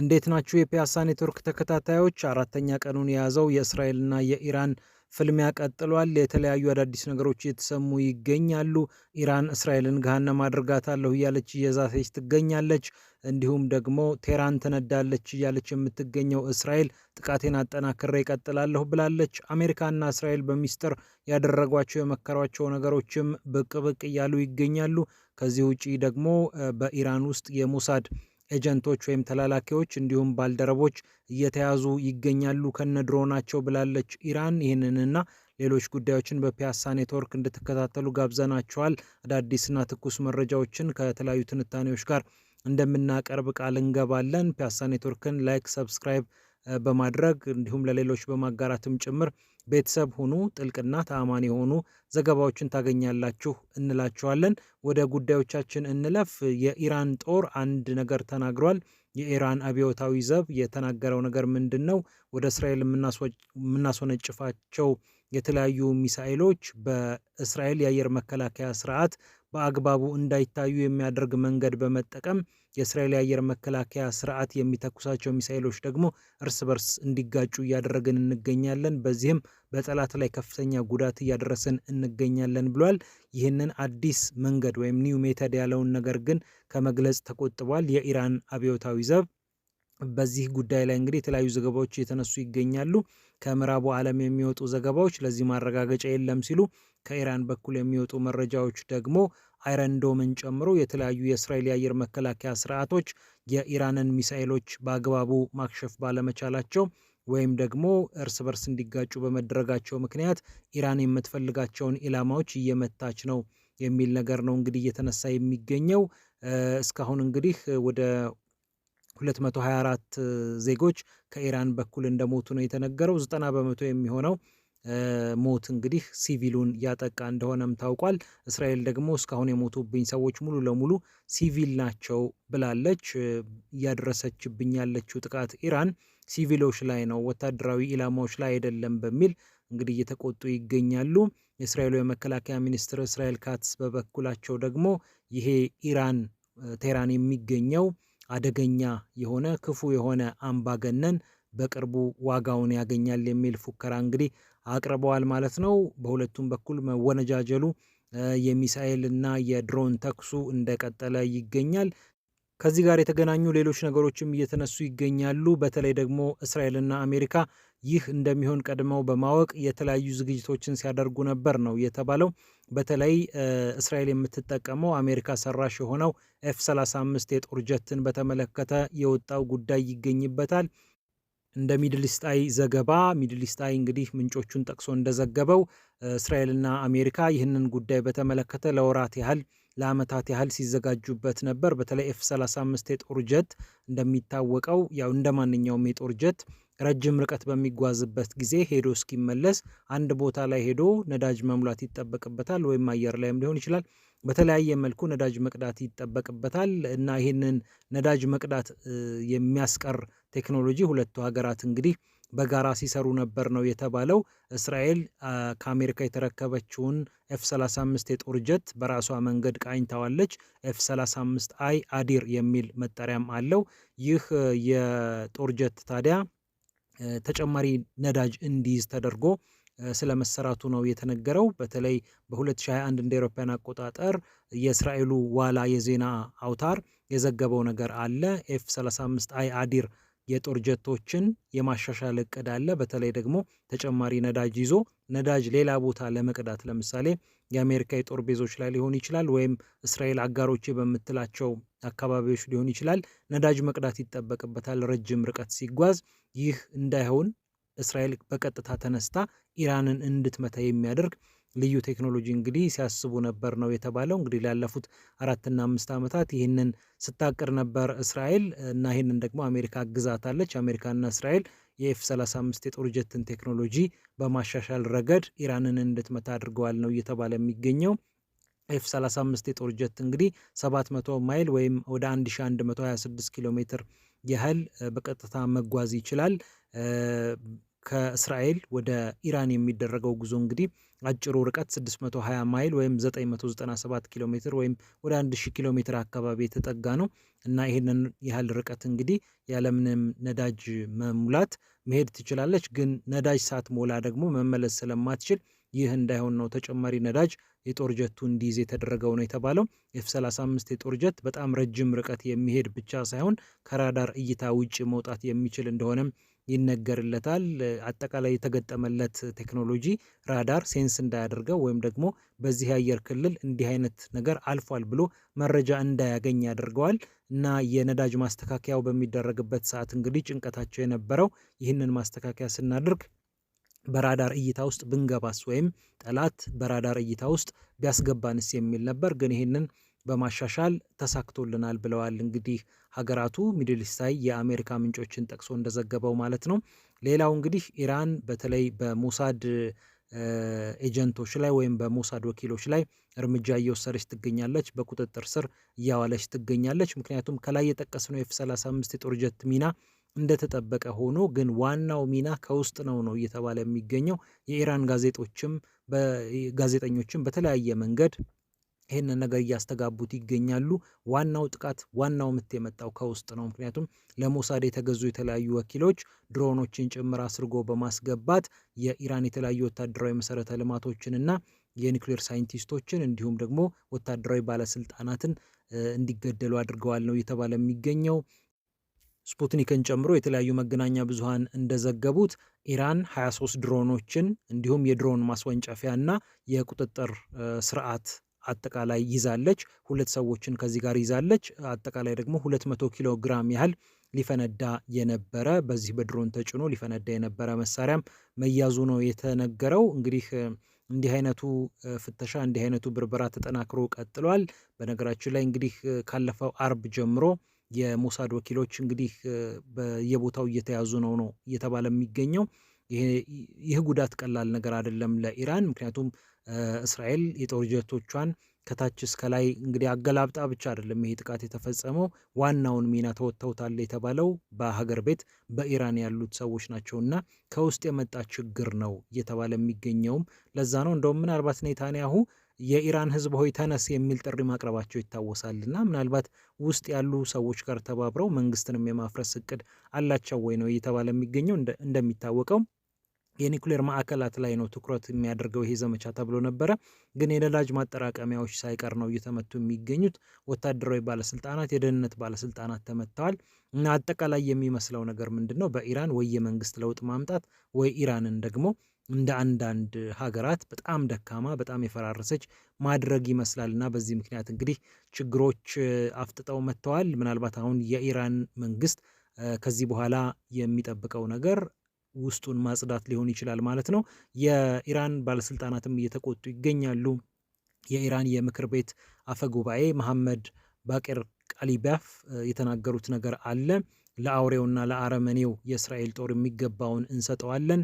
እንዴት ናችሁ የፒያሳ ኔትወርክ ተከታታዮች? አራተኛ ቀኑን የያዘው የእስራኤልና የኢራን ፍልሚያ ቀጥሏል። የተለያዩ አዳዲስ ነገሮች እየተሰሙ ይገኛሉ። ኢራን እስራኤልን ገሃነም አድርጋታለሁ እያለች እየዛተች ትገኛለች። እንዲሁም ደግሞ ቴራን ትነዳለች እያለች የምትገኘው እስራኤል ጥቃቴን አጠናክሬ ይቀጥላለሁ ብላለች። አሜሪካና እስራኤል በሚስጥር ያደረጓቸው የመከሯቸው ነገሮችም ብቅ ብቅ እያሉ ይገኛሉ። ከዚህ ውጪ ደግሞ በኢራን ውስጥ የሞሳድ ኤጀንቶች ወይም ተላላኪዎች እንዲሁም ባልደረቦች እየተያዙ ይገኛሉ ከነ ድሮናቸው ብላለች ኢራን። ይህንንና ሌሎች ጉዳዮችን በፒያሳ ኔትወርክ እንድትከታተሉ ጋብዘናቸዋል። አዳዲስና ትኩስ መረጃዎችን ከተለያዩ ትንታኔዎች ጋር እንደምናቀርብ ቃል እንገባለን። ፒያሳ ኔትወርክን ላይክ፣ ሰብስክራይብ በማድረግ እንዲሁም ለሌሎች በማጋራትም ጭምር ቤተሰብ ሁኑ። ጥልቅና ተአማኒ የሆኑ ዘገባዎችን ታገኛላችሁ እንላችኋለን። ወደ ጉዳዮቻችን እንለፍ። የኢራን ጦር አንድ ነገር ተናግሯል። የኢራን አብዮታዊ ዘብ የተናገረው ነገር ምንድን ነው? ወደ እስራኤል የምናስወነጭፋቸው የተለያዩ ሚሳኤሎች በእስራኤል የአየር መከላከያ ስርዓት በአግባቡ እንዳይታዩ የሚያደርግ መንገድ በመጠቀም የእስራኤል የአየር መከላከያ ስርዓት የሚተኩሳቸው ሚሳኤሎች ደግሞ እርስ በርስ እንዲጋጩ እያደረግን እንገኛለን። በዚህም በጠላት ላይ ከፍተኛ ጉዳት እያደረስን እንገኛለን ብሏል። ይህንን አዲስ መንገድ ወይም ኒው ሜተድ ያለውን ነገር ግን ከመግለጽ ተቆጥቧል የኢራን አብዮታዊ ዘብ በዚህ ጉዳይ ላይ እንግዲህ የተለያዩ ዘገባዎች እየተነሱ ይገኛሉ። ከምዕራቡ ዓለም የሚወጡ ዘገባዎች ለዚህ ማረጋገጫ የለም ሲሉ፣ ከኢራን በኩል የሚወጡ መረጃዎች ደግሞ አይረንዶምን ጨምሮ የተለያዩ የእስራኤል የአየር መከላከያ ስርዓቶች የኢራንን ሚሳኤሎች በአግባቡ ማክሸፍ ባለመቻላቸው ወይም ደግሞ እርስ በርስ እንዲጋጩ በመደረጋቸው ምክንያት ኢራን የምትፈልጋቸውን ኢላማዎች እየመታች ነው የሚል ነገር ነው እንግዲህ እየተነሳ የሚገኘው። እስካሁን እንግዲህ ወደ 224 ዜጎች ከኢራን በኩል እንደሞቱ ነው የተነገረው። 90 በመቶ የሚሆነው ሞት እንግዲህ ሲቪሉን ያጠቃ እንደሆነም ታውቋል። እስራኤል ደግሞ እስካሁን የሞቱብኝ ሰዎች ሙሉ ለሙሉ ሲቪል ናቸው ብላለች። እያደረሰችብኝ ያለችው ጥቃት ኢራን ሲቪሎች ላይ ነው፣ ወታደራዊ ኢላማዎች ላይ አይደለም በሚል እንግዲህ እየተቆጡ ይገኛሉ። የእስራኤሉ የመከላከያ ሚኒስትር እስራኤል ካትስ በበኩላቸው ደግሞ ይሄ ኢራን ቴህራን የሚገኘው አደገኛ የሆነ ክፉ የሆነ አምባገነን በቅርቡ ዋጋውን ያገኛል የሚል ፉከራ እንግዲህ አቅርበዋል ማለት ነው። በሁለቱም በኩል መወነጃጀሉ የሚሳኤል እና የድሮን ተኩሱ እንደቀጠለ ይገኛል። ከዚህ ጋር የተገናኙ ሌሎች ነገሮችም እየተነሱ ይገኛሉ። በተለይ ደግሞ እስራኤልና አሜሪካ ይህ እንደሚሆን ቀድመው በማወቅ የተለያዩ ዝግጅቶችን ሲያደርጉ ነበር ነው የተባለው። በተለይ እስራኤል የምትጠቀመው አሜሪካ ሰራሽ የሆነው ኤፍ 35 የጦር ጀትን በተመለከተ የወጣው ጉዳይ ይገኝበታል። እንደ ሚድልስጣይ ዘገባ ሚድልስጣይ እንግዲህ ምንጮቹን ጠቅሶ እንደዘገበው እስራኤልና አሜሪካ ይህንን ጉዳይ በተመለከተ ለወራት ያህል ለዓመታት ያህል ሲዘጋጁበት ነበር። በተለይ ኤፍ 35 የጦር ጀት እንደሚታወቀው ያው እንደ ማንኛውም የጦር ጀት ረጅም ርቀት በሚጓዝበት ጊዜ ሄዶ እስኪመለስ አንድ ቦታ ላይ ሄዶ ነዳጅ መሙላት ይጠበቅበታል፣ ወይም አየር ላይም ሊሆን ይችላል። በተለያየ መልኩ ነዳጅ መቅዳት ይጠበቅበታል እና ይህንን ነዳጅ መቅዳት የሚያስቀር ቴክኖሎጂ ሁለቱ ሀገራት እንግዲህ በጋራ ሲሰሩ ነበር ነው የተባለው። እስራኤል ከአሜሪካ የተረከበችውን ኤፍ 35 የጦር ጀት በራሷ መንገድ ቃኝታዋለች። ኤፍ 35 አይ አዲር የሚል መጠሪያም አለው። ይህ የጦር ጀት ታዲያ ተጨማሪ ነዳጅ እንዲይዝ ተደርጎ ስለ መሰራቱ ነው የተነገረው። በተለይ በ2021 እንደ አውሮፓውያን አቆጣጠር የእስራኤሉ ዋላ የዜና አውታር የዘገበው ነገር አለ ኤፍ 35 አይ አዲር የጦር ጀቶችን የማሻሻል እቅድ አለ። በተለይ ደግሞ ተጨማሪ ነዳጅ ይዞ ነዳጅ ሌላ ቦታ ለመቅዳት ለምሳሌ የአሜሪካ የጦር ቤዞች ላይ ሊሆን ይችላል፣ ወይም እስራኤል አጋሮች በምትላቸው አካባቢዎች ሊሆን ይችላል። ነዳጅ መቅዳት ይጠበቅበታል ረጅም ርቀት ሲጓዝ። ይህ እንዳይሆን እስራኤል በቀጥታ ተነስታ ኢራንን እንድትመታ የሚያደርግ ልዩ ቴክኖሎጂ እንግዲህ ሲያስቡ ነበር ነው የተባለው። እንግዲህ ላለፉት አራትና አምስት ዓመታት ይህንን ስታቅር ነበር እስራኤል እና ይህንን ደግሞ አሜሪካ ግዛታለች። አሜሪካና እስራኤል የኤፍ 35 የጦር ጀትን ቴክኖሎጂ በማሻሻል ረገድ ኢራንን እንድትመታ አድርገዋል ነው እየተባለ የሚገኘው። ኤፍ 35 የጦር ጀት እንግዲህ 700 ማይል ወይም ወደ 1126 ኪሎ ሜትር ያህል በቀጥታ መጓዝ ይችላል። ከእስራኤል ወደ ኢራን የሚደረገው ጉዞ እንግዲህ አጭሩ ርቀት 620 ማይል ወይም 997 ኪሎ ሜትር ወይም ወደ 1000 ኪሎ ሜትር አካባቢ የተጠጋ ነው እና ይህንን ያህል ርቀት እንግዲህ ያለምንም ነዳጅ መሙላት መሄድ ትችላለች። ግን ነዳጅ ሳትሞላ ደግሞ መመለስ ስለማትችል ይህ እንዳይሆን ነው ተጨማሪ ነዳጅ የጦር ጀቱ እንዲይዝ የተደረገው ነው የተባለው። ኤፍ 35 የጦር ጀት በጣም ረጅም ርቀት የሚሄድ ብቻ ሳይሆን ከራዳር እይታ ውጭ መውጣት የሚችል እንደሆነም ይነገርለታል። አጠቃላይ የተገጠመለት ቴክኖሎጂ ራዳር ሴንስ እንዳያደርገው ወይም ደግሞ በዚህ የአየር ክልል እንዲህ አይነት ነገር አልፏል ብሎ መረጃ እንዳያገኝ ያደርገዋል እና የነዳጅ ማስተካከያው በሚደረግበት ሰዓት እንግዲህ ጭንቀታቸው የነበረው ይህንን ማስተካከያ ስናደርግ በራዳር እይታ ውስጥ ብንገባስ ወይም ጠላት በራዳር እይታ ውስጥ ቢያስገባንስ የሚል ነበር። ግን ይህንን በማሻሻል ተሳክቶልናል ብለዋል እንግዲህ ሀገራቱ ሚድል ኢስታይ የአሜሪካ ምንጮችን ጠቅሶ እንደዘገበው ማለት ነው። ሌላው እንግዲህ ኢራን በተለይ በሞሳድ ኤጀንቶች ላይ ወይም በሞሳድ ወኪሎች ላይ እርምጃ እየወሰደች ትገኛለች፣ በቁጥጥር ስር እያዋለች ትገኛለች። ምክንያቱም ከላይ የጠቀስነው ኤፍ 35 የጦር ጀት ሚና እንደተጠበቀ ሆኖ ግን ዋናው ሚና ከውስጥ ነው ነው እየተባለ የሚገኘው የኢራን ጋዜጦችም ጋዜጠኞችም በተለያየ መንገድ ይህንን ነገር እያስተጋቡት ይገኛሉ። ዋናው ጥቃት ዋናው ምት የመጣው ከውስጥ ነው። ምክንያቱም ለሞሳድ የተገዙ የተለያዩ ወኪሎች ድሮኖችን ጭምር አስርጎ በማስገባት የኢራን የተለያዩ ወታደራዊ መሰረተ ልማቶችንና የኒክሌር ሳይንቲስቶችን እንዲሁም ደግሞ ወታደራዊ ባለስልጣናትን እንዲገደሉ አድርገዋል ነው እየተባለ የሚገኘው። ስፑትኒክን ጨምሮ የተለያዩ መገናኛ ብዙሃን እንደዘገቡት ኢራን 23 ድሮኖችን እንዲሁም የድሮን ማስወንጨፊያና የቁጥጥር ስርዓት አጠቃላይ ይዛለች። ሁለት ሰዎችን ከዚህ ጋር ይዛለች። አጠቃላይ ደግሞ 200 ኪሎ ግራም ያህል ሊፈነዳ የነበረ በዚህ በድሮን ተጭኖ ሊፈነዳ የነበረ መሳሪያም መያዙ ነው የተነገረው። እንግዲህ እንዲህ አይነቱ ፍተሻ እንዲህ አይነቱ ብርበራ ተጠናክሮ ቀጥሏል። በነገራችን ላይ እንግዲህ ካለፈው አርብ ጀምሮ የሞሳድ ወኪሎች እንግዲህ በየቦታው እየተያዙ ነው ነው እየተባለ የሚገኘው። ይህ ጉዳት ቀላል ነገር አይደለም ለኢራን ምክንያቱም እስራኤል የጦር ጀቶቿን ከታች እስከ ላይ እንግዲህ አገላብጣ ብቻ አይደለም ይሄ ጥቃት የተፈጸመው። ዋናውን ሚና ተወጥተውታል የተባለው በሀገር ቤት በኢራን ያሉት ሰዎች ናቸው እና ከውስጥ የመጣ ችግር ነው እየተባለ የሚገኘውም ለዛ ነው። እንደውም ምናልባት ኔታንያሁ የኢራን ሕዝብ ሆይ ተነስ የሚል ጥሪ ማቅረባቸው ይታወሳል። እና ምናልባት ውስጥ ያሉ ሰዎች ጋር ተባብረው መንግስትንም የማፍረስ እቅድ አላቸው ወይ ነው እየተባለ የሚገኘው እንደሚታወቀው የኒውክሌር ማዕከላት ላይ ነው ትኩረት የሚያደርገው ይሄ ዘመቻ ተብሎ ነበረ። ግን የነዳጅ ማጠራቀሚያዎች ሳይቀር ነው እየተመቱ የሚገኙት። ወታደራዊ ባለስልጣናት፣ የደህንነት ባለስልጣናት ተመተዋል። እና አጠቃላይ የሚመስለው ነገር ምንድን ነው? በኢራን ወይ የመንግስት ለውጥ ማምጣት ወይ ኢራንን ደግሞ እንደ አንዳንድ ሀገራት በጣም ደካማ በጣም የፈራረሰች ማድረግ ይመስላል። እና በዚህ ምክንያት እንግዲህ ችግሮች አፍጥጠው መጥተዋል። ምናልባት አሁን የኢራን መንግስት ከዚህ በኋላ የሚጠብቀው ነገር ውስጡን ማጽዳት ሊሆን ይችላል ማለት ነው። የኢራን ባለስልጣናትም እየተቆጡ ይገኛሉ። የኢራን የምክር ቤት አፈ ጉባኤ መሐመድ ባቂር ቃሊቢያፍ የተናገሩት ነገር አለ። ለአውሬውና ለአረመኔው የእስራኤል ጦር የሚገባውን እንሰጠዋለን፣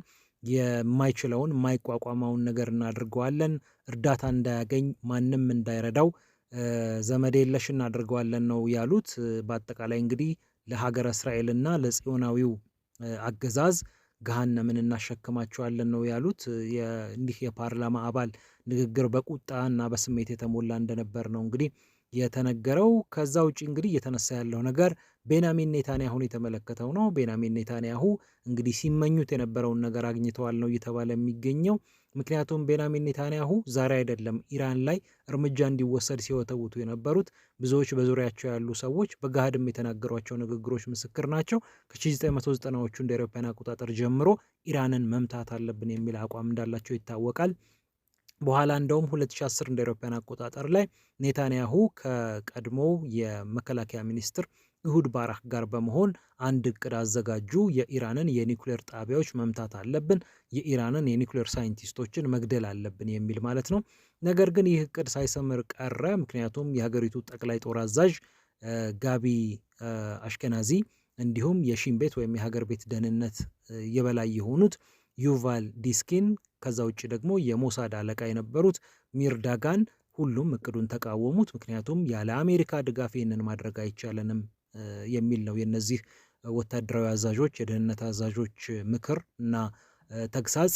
የማይችለውን የማይቋቋመውን ነገር እናድርገዋለን፣ እርዳታ እንዳያገኝ ማንም እንዳይረዳው ዘመድ የለሽ እናድርገዋለን ነው ያሉት። በአጠቃላይ እንግዲህ ለሀገረ እስራኤልና ለጽዮናዊው አገዛዝ ገሃነምን እናሸክማቸዋለን ነው ያሉት። እንዲህ የፓርላማ አባል ንግግር በቁጣ እና በስሜት የተሞላ እንደነበር ነው እንግዲህ የተነገረው። ከዛ ውጭ እንግዲህ እየተነሳ ያለው ነገር ቤንያሚን ኔታንያሁን የተመለከተው ነው። ቤንያሚን ኔታንያሁ እንግዲህ ሲመኙት የነበረውን ነገር አግኝተዋል ነው እየተባለ የሚገኘው። ምክንያቱም ቤንያሚን ኔታንያሁ ዛሬ አይደለም ኢራን ላይ እርምጃ እንዲወሰድ ሲወተውቱ የነበሩት ብዙዎች በዙሪያቸው ያሉ ሰዎች በገሃድም የተናገሯቸው ንግግሮች ምስክር ናቸው። ከ1990ዎቹ እንደ አውሮፓውያን አቆጣጠር ጀምሮ ኢራንን መምታት አለብን የሚል አቋም እንዳላቸው ይታወቃል። በኋላ እንደውም 2010 እንደ አውሮፓውያን አቆጣጠር ላይ ኔታንያሁ ከቀድሞው የመከላከያ ሚኒስትር እሁድ ባራክ ጋር በመሆን አንድ እቅድ አዘጋጁ። የኢራንን የኒኩሌር ጣቢያዎች መምታት አለብን፣ የኢራንን የኒኩሌር ሳይንቲስቶችን መግደል አለብን የሚል ማለት ነው። ነገር ግን ይህ እቅድ ሳይሰምር ቀረ። ምክንያቱም የሀገሪቱ ጠቅላይ ጦር አዛዥ ጋቢ አሽከናዚ እንዲሁም የሺን ቤት ወይም የሀገር ቤት ደህንነት የበላይ የሆኑት ዩቫል ዲስኪን ከዛ ውጭ ደግሞ የሞሳድ አለቃ የነበሩት ሚርዳጋን ሁሉም እቅዱን ተቃወሙት። ምክንያቱም ያለ አሜሪካ ድጋፍ ይህንን ማድረግ አይቻለንም የሚል ነው የእነዚህ ወታደራዊ አዛዦች የደህንነት አዛዦች ምክር እና ተግሳጽ።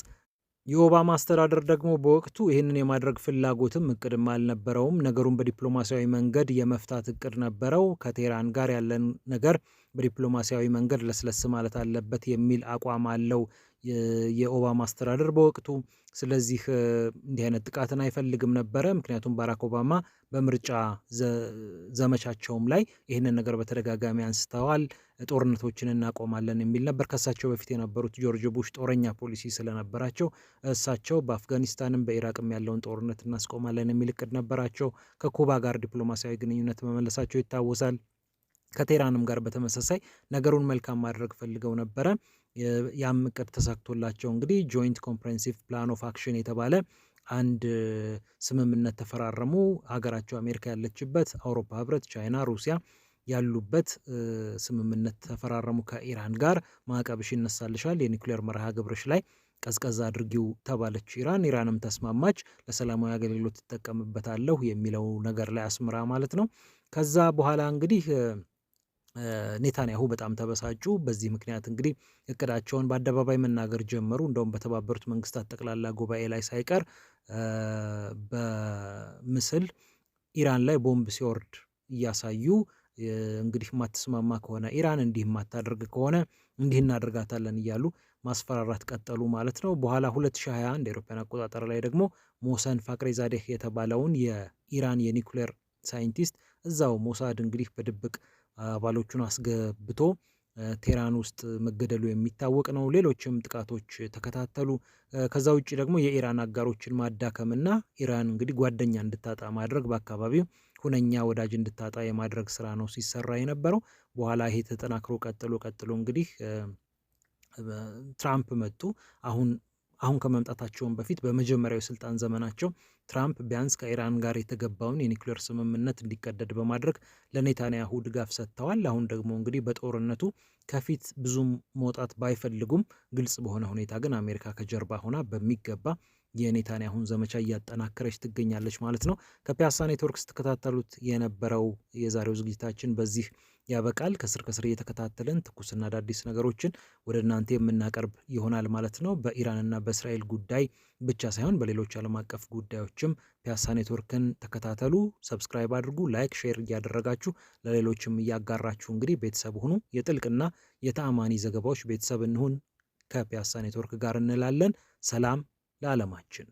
የኦባማ አስተዳደር ደግሞ በወቅቱ ይህንን የማድረግ ፍላጎትም እቅድም አልነበረውም። ነገሩን በዲፕሎማሲያዊ መንገድ የመፍታት እቅድ ነበረው። ከቴህራን ጋር ያለን ነገር በዲፕሎማሲያዊ መንገድ ለስለስ ማለት አለበት የሚል አቋም አለው የኦባማ አስተዳደር በወቅቱ ስለዚህ እንዲህ አይነት ጥቃትን አይፈልግም ነበረ። ምክንያቱም ባራክ ኦባማ በምርጫ ዘመቻቸውም ላይ ይህንን ነገር በተደጋጋሚ አንስተዋል። ጦርነቶችን እናቆማለን የሚል ነበር። ከእሳቸው በፊት የነበሩት ጆርጅ ቡሽ ጦረኛ ፖሊሲ ስለነበራቸው እሳቸው በአፍጋኒስታንም በኢራቅም ያለውን ጦርነት እናስቆማለን የሚል እቅድ ነበራቸው። ከኩባ ጋር ዲፕሎማሲያዊ ግንኙነት መመለሳቸው ይታወሳል። ከቴራንም ጋር በተመሳሳይ ነገሩን መልካም ማድረግ ፈልገው ነበረ። ያም እቅድ ተሳክቶላቸው እንግዲህ ጆይንት ኮምፕሬንሲቭ ፕላን ኦፍ አክሽን የተባለ አንድ ስምምነት ተፈራረሙ። ሀገራቸው አሜሪካ ያለችበት፣ አውሮፓ ህብረት፣ ቻይና፣ ሩሲያ ያሉበት ስምምነት ተፈራረሙ ከኢራን ጋር። ማዕቀብሽ ይነሳልሻል፣ የኒውክሌር መርሃ ግብርሽ ላይ ቀዝቀዝ አድርጊው ተባለች ኢራን። ኢራንም ተስማማች። ለሰላማዊ አገልግሎት ትጠቀምበታለሁ የሚለው ነገር ላይ አስምራ ማለት ነው። ከዛ በኋላ እንግዲህ ኔታንያሁ በጣም ተበሳጩ። በዚህ ምክንያት እንግዲህ እቅዳቸውን በአደባባይ መናገር ጀመሩ። እንደውም በተባበሩት መንግስታት ጠቅላላ ጉባኤ ላይ ሳይቀር በምስል ኢራን ላይ ቦምብ ሲወርድ እያሳዩ እንግዲህ የማትስማማ ከሆነ ኢራን እንዲህ የማታደርግ ከሆነ እንዲህ እናደርጋታለን እያሉ ማስፈራራት ቀጠሉ ማለት ነው። በኋላ 2021 እንደ አቆጣጠር ላይ ደግሞ ሞሰን ፋቅሬዛዴህ የተባለውን የኢራን የኒኩሌር ሳይንቲስት እዛው ሞሳድ እንግዲህ በድብቅ አባሎቹን አስገብቶ ቴራን ውስጥ መገደሉ የሚታወቅ ነው። ሌሎችም ጥቃቶች ተከታተሉ። ከዛ ውጭ ደግሞ የኢራን አጋሮችን ማዳከምና ኢራን እንግዲህ ጓደኛ እንድታጣ ማድረግ በአካባቢው ሁነኛ ወዳጅ እንድታጣ የማድረግ ስራ ነው ሲሰራ የነበረው። በኋላ ይሄ ተጠናክሮ ቀጥሎ ቀጥሎ እንግዲህ ትራምፕ መጡ። አሁን አሁን ከመምጣታቸውን በፊት በመጀመሪያው የስልጣን ዘመናቸው ትራምፕ ቢያንስ ከኢራን ጋር የተገባውን የኒውክሌር ስምምነት እንዲቀደድ በማድረግ ለኔታንያሁ ድጋፍ ሰጥተዋል። አሁን ደግሞ እንግዲህ በጦርነቱ ከፊት ብዙም መውጣት ባይፈልጉም፣ ግልጽ በሆነ ሁኔታ ግን አሜሪካ ከጀርባ ሆና በሚገባ የኔታንያሁን ዘመቻ እያጠናከረች ትገኛለች ማለት ነው። ከፒያሳ ኔትወርክ ስትከታተሉት የነበረው የዛሬው ዝግጅታችን በዚህ ያበቃል። ከስር ከስር እየተከታተልን ትኩስና አዳዲስ ነገሮችን ወደ እናንተ የምናቀርብ ይሆናል ማለት ነው። በኢራንና በእስራኤል ጉዳይ ብቻ ሳይሆን በሌሎች ዓለም አቀፍ ጉዳዮችም ፒያሳ ኔትወርክን ተከታተሉ፣ ሰብስክራይብ አድርጉ፣ ላይክ ሼር እያደረጋችሁ ለሌሎችም እያጋራችሁ እንግዲህ ቤተሰብ ሁኑ። የጥልቅና የተአማኒ ዘገባዎች ቤተሰብ እንሁን ከፒያሳ ኔትወርክ ጋር እንላለን። ሰላም ለዓለማችን።